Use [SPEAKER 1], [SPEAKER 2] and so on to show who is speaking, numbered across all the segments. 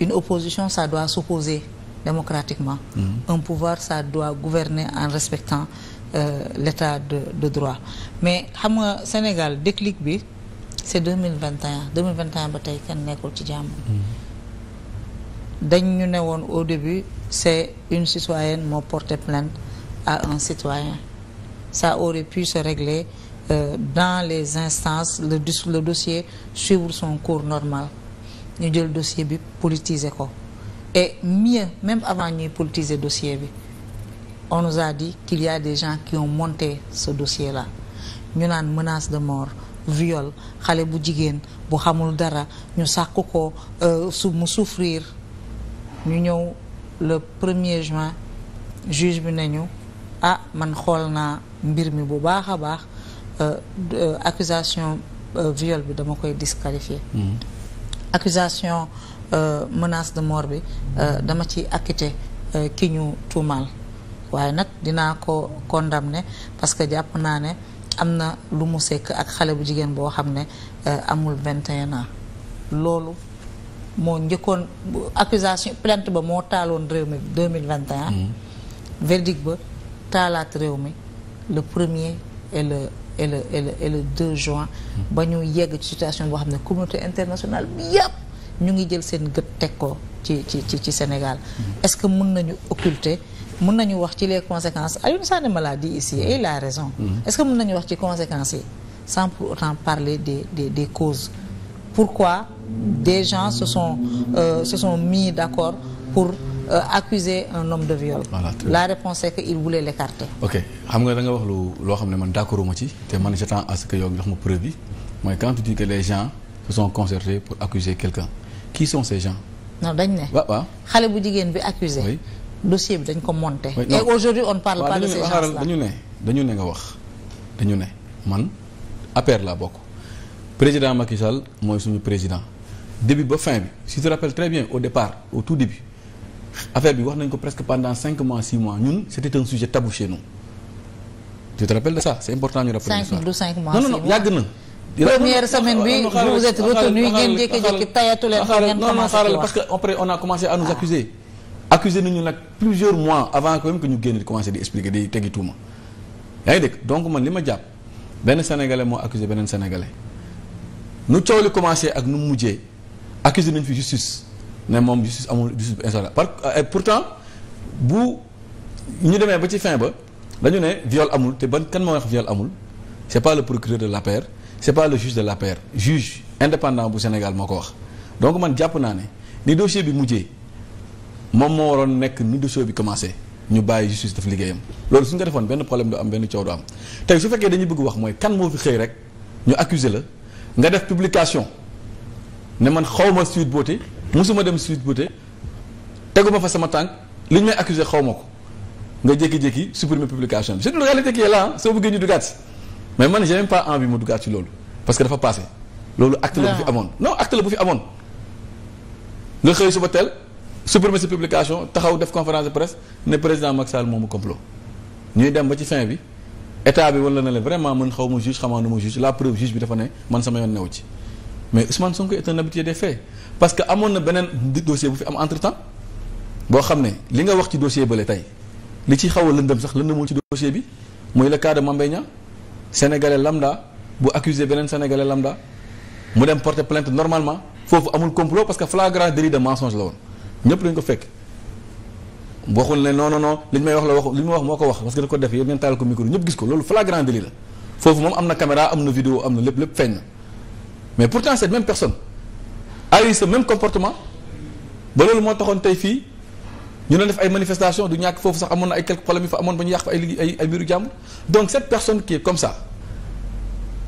[SPEAKER 1] une opposition ça doit s'opposer démocratiquement mm -hmm. un pouvoir ça doit gouverner en respectant euh, l'état de, de droit mais xam nga Sénégal déclic bi c'est 2021 2021 ba tey kenn nekkul ci jàmm mm-hmm. dañ ñu ne woon au début c'est une citoyenne moo porté plainte à un citoyen ça aurait pu se régler euh, dans les instances le, le dossier suivre son cours normal ñu jël dossier bi politiser ko et mieux même avant ñuy politiser dossier bi on nous a dit qu'il y des gens qui ont monté ce dossier là ñu naan menace de mort viol xale bu jigéen bu xamul dara ñu sàkk ko euh, su mu souffrir ñu ñëw le premier juin juge bi nañu ah man xool naa mbir mi bu baax a baax euh, euh, accusation viol bi dama koy disqualifier mm-hmm. accusation euh, menace de mort bi euh, dama ci acquitté euh, ki ñu tuumaal waaye nag dinaa ko condamné parce que jàpp naa ne am na lu mu sekk ak xale bu jigéen boo xam ne euh, amul 21 ans loolu moo njëkkoon accusation plainte ba moo taaloon réew mi 2021 mm-hmm. verdict ba taalaat réew mi le premier et le et le et le et juin. ba ñu yegg ci situation boo xam ne communauté internationale bi yëpp ñu ngi jël seen gët teg ko ci ci ci ci Sénégal. Mm-hmm. est-ce que mën nañu occulter mën nañu wax ci les conséquence Alioune Sané me l'a dit ici et il a raison. Mm-hmm. est-ce que mën nañu wax ci conséquences yi sans pour autant parler des des des causes. pourquoi des gens se sont euh, se sont mis d'accord pour. Euh, accuser un homme de viol. Voilà, la réponse est que il voulait l'écarter.
[SPEAKER 2] ok xam nga da wax lu loo xam ne man d'accord ma ci te man j'attends à ce que yow jox ma preuve bi mooy quand tu dis que les gens se sont concertés pour accuser quelqu'un qui sont ces gens. non dañ ne. waaw waaw
[SPEAKER 1] xale bu jigéen bi accusé oui. dossier bi dañ ko monté. et aujourd'hui on ne parle pas de ces gens dañu
[SPEAKER 2] ne dañu ne nga wax dañu ne man APR laa bokk président Macky Sall mooy suñu président début ba fin bi départ au tout début. affaire bi wax nañ ko presque pendant cinq mois six mois ñun c' était un sujet tabou chez nous cinq
[SPEAKER 1] mois non non yàgg na. première semaine bi vous êtes retenu ngeen jékki-jékki tayatu leen ko ngeen commencé xaaral parce que
[SPEAKER 2] après on a commencé à nous accuser accuser nañu nag plusieurs mois avant que même que ñu génn di commencé di expliquer di tegi tuuma yaa ngi dégg donc man li ma jàpp benn sénégalais moo accusé beneen sénégalais nu coow li commencé ak nu mujjee accusé nañ fi ne moom justice amul justice bu installé par euh, pourtant bu ñu demee ba ci fin ba dañu ne viol amul te ban kan moo wax viol amul c'est pas le procureur de l'APR c'est pas le juge de l'APR juge indépendant bu Sénégal moo ko wax donc man jàpp naa ne ni dossier bi mujjee moom moo waroon nekk ni dossier bi commencé ñu bàyyi justice daf liggéeyam loolu su nga defoon benn problème du am benn coow du am tey su fekkee dañuy bëgg wax mooy kan moo fi xëy rek ñu accuser la nga def publication ne man xawma Sweet Beauté musuma dem Sweet Beauté teguma fa sama tànk li ñu may accusé xaw ma ko nga jékki-jékki supprimer publication bi c'est une réalité qui est soo bëggee ñu duggaat si mais man j'ai même pas envie ma duggaat si loolu parce que dafa passé loolu acte la bu fi ah. amoon non acte la bu fi amoon nga xëy suba teel supprimer sa publication taxaw def conférence de presse ne président Macky moom moomu complot ñuy dem ba ci fin bi état bi wala na leen vraiment man xaw ma juge xamaa nu ma juge la preuve juge dafa ne man sama yoon ci mais Ousmane Sonko est un habitué de faits parce que amoon na beneen dossier bu fi am entre boo xam ne li nga wax ci dossier bële tey li ci xaw a sax lëndëmul ci dossier bi muy le cas de Mame Mbaye Niang sénégalais bu accusé beneen sénégalais lambda mu dem porter plainte normalement foofu amul complot parce que flagrant délit de mensonge la woon ñëpp lañ ko fekk. waxul ne non li ñu may wax la wax li ñu may wax moo ko wax parce que da ko def yéen ngeen taal ko micro ñëpp gis ko loolu la na caméra am na vidéo am na lépp lépp feeñ mais pourtant cette même personne a eu ce même comportement ba loolu moo taxoon tey fii ñu doon def ay manifestations du ñàkk foofu sax amoon na ay quelques problèmes fa amoon ba ñu yàq fa ay liggéey ay ay mbiru jàmbur donc cette personne qui est comme ça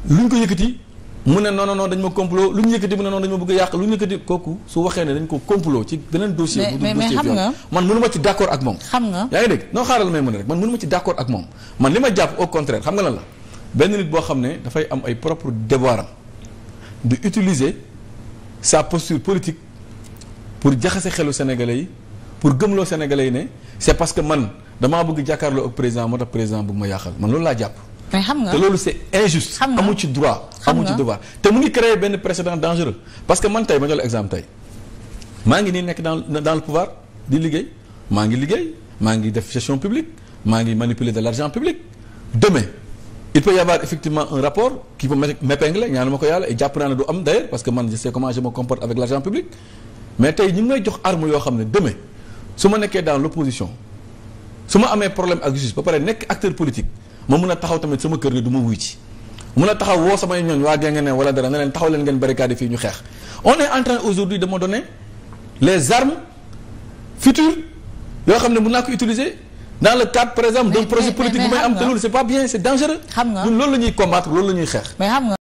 [SPEAKER 2] luñ ko yëkkati mu ne non non non dañ ma complot luñ yëkkati mu ne non dañ ma bëgg a yàq luñ yëkkati kooku su waxee ne dañ ko complot ci beneen dossier. mais mais xam nga man mënu ma ci d' accord ak moom. xam nga yaa ngi dégg non xaaral may mën rek man mënu ma ci d' accord ak xam ne dafay am ay propre devoir di utiliser sa posture politique pour jaxase xelu sénégalais yi pour gëmloo sénégalais yi ne c'est parce que man damaa bëgg jàkkaarloo ak président moo président bëgg ma yàqal man loolu laa jàpp.
[SPEAKER 1] xam nga te loolu
[SPEAKER 2] c'est injuste. xam nga amu ci droit amu ci devoir. te mu ngi créer benn précédent dangereux parce que man tey ma jox exemple tey maa ngi nii nekk dans dans le pouvoir di liggéey maa ngi liggéey maa ngi def gestion publique maa ngi manipuler de l'argent public demain. il peut y avoir effectivement un rapport qui peut m'épingler ñaanu ma ko yàlla et jàpp naa ne du am d'ailleurs parce que man je sais comment je comporte avec l'argent public mais tey ñu may jox arme yoo xam ne demain su ma nekkee dans l'opposition su ma amee problème ak justice ba pare nekk acteur politique ma mun a taxaw tamit sama kër gi du ma wuy ci mun a taxaw woo samay ñooñ waa Guinguéné wala dara ne leen taxaw leen ngeen barricade fii ñu xeex on est en train aujourd'hui de me donner yoo xam ne mun naa ko utiliser dans le cadre par
[SPEAKER 1] exemple d'un projet politique bu may am te c'est pas bien c'est dangereux ñun la ñuy combattre loolu la ñuy xeex